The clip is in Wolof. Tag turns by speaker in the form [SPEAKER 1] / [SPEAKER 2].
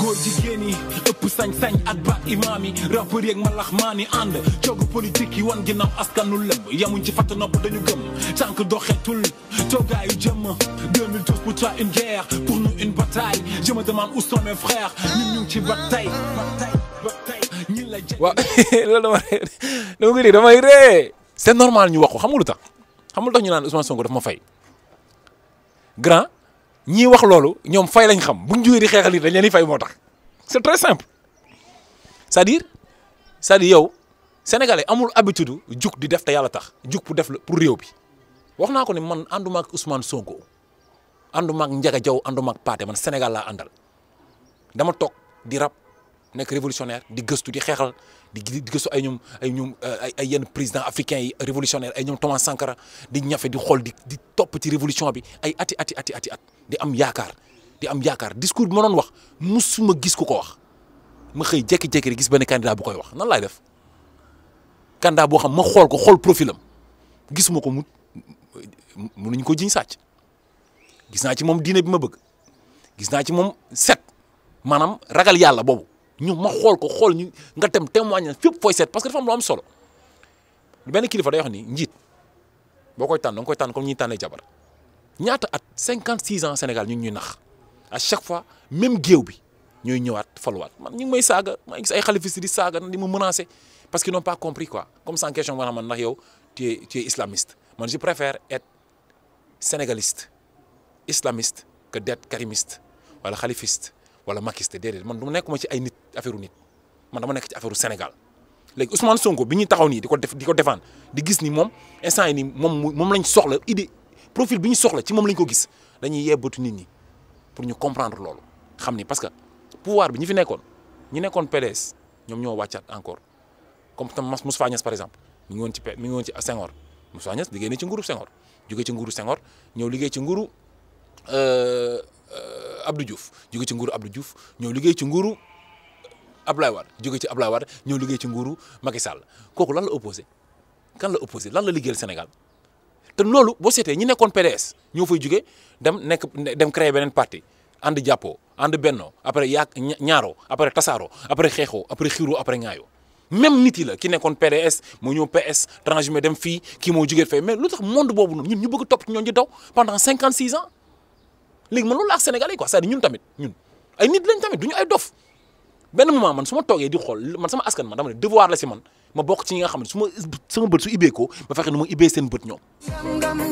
[SPEAKER 1] góor jigéen yi ëpp sañ-sañ at baat imaam yi rappeur yeeg malax maa ni ànd coogu politique yi wan ginnaaw askanu lëmb yamuñ ci fatt nopp dañu gëm tànk doxetul toogaayu jëmm 2012 pour toi une guerre pour nous une bataille je me ñu ngi ci bataille waaw loolu dama dama ko c'est normal ñu wax ko xam nga lu tax xam nga lu tax ñu naan Ousmane Sonko daf ma fay grand ñi wax lolu ñom fay lañ xam buñ jogé di xéxali dañ leen fay motax c'est très simple c'est-à-dire c'est-à-dire yow sénégalais amul habitude juk di def ta yalla tax juk pour def pour réew bi waxna ko ni man ànduma ak Ousmane Sonko ànduma ak Ndiaga jaw ànduma ak paté man Sénégal la andal dama tok di rap nek révolutionnaire di gëstu di xéxal di di gëstu ay ñoom euh, ay ay yenn président africain yi révolutionnaire ay ñoom Thomas Sankara di ñafe di xool di di topp ci révolution bi ay ati ati ati ati at di am yaakaar di am yaakaar discours bi ma doon wax musuma gis ko ko wax ma xëy jékki-jékki rek gis benn candidat bu koy wax nan laay def candidat boo xam ma xool ko xool profilam gisuma ko mu mënuñ ko jiñ sàcc gis naa ci moom diine bi ma bëgg gis naa ci moom set maanaam ragal yàlla boobu Nous ma ko xol ñu nga dem témoignage les parce que dafa am solo ben kilifa day wax ni njit bokoy tan tànn comme jabar ñaata at 56 ans Sénégal ñu ñuy à chaque fois même géew bi ñoy ñëwaat faluwaat man ñu may saga sommes gis ay di menacer parce qu'ils n'ont pas compris quoi comme sans question tu es islamiste man je préfère être sénégaliste islamiste que d'être karimiste wala Khalifiste wala Macky Sall déedéet man du nekkuma ci ay nit affaire nit man dama nek ci affaire Sénégal légui Ousmane Sonko biñu taxaw ni diko ko def di défendre di gis ni mom instant ni mom mom lañ soxla idée profil biñu soxla ci mom lañ ko gis dañuy yebbatu nit ni pour ñu comprendre lolu xamni parce que pouvoir bi ñi fi nekkoon ñi nekkoon PDS ñom ñoo wàccaat encore comme tam Moussa Niasse par exemple mi ngi won ci mi ngi won ci Senghor Moussa Niasse digé na ci nguru Senghor jógee ci nguru Senghor ñëw liggéey ci nguru euh euh Abdou Diouf jóge ci nguuru Abdou Diouf ñoo liggéey ci nguuru Abdoulaye Wade jóge ci Abdoulaye ci nguuru Macky Sall kooku lan la opposé kan la opposé lan la liggéeyal Sénégal te loolu boo seetee ñi nekkoon PDS ñoo fay jóge dem nekk dem beneen parti ànd jàppoo ànd bennoo après yaa ñaaroo après tasaaroo après xeexoo après xiiroo après ŋaayoo même nit ki nekkoon PDS moo ñëw PS transhumé dem fii kii moo jógee fee lu tax monde boobu noonu ñun ñu bëgg topp ci ñoon ñi daw pendant cinquante six ans léegi man loolu ak sénégalais quoi c'est-à-dire ñun tamit ñun ay nit lañ tamit duñu ay dof benn moment man su ma toogee di xool man sama askan man dama ne devoir la si man ma bokk ci ñi nga xam ne su ma sama bët su ibee ko ma fexe nu ma ibee seen bët ñoom.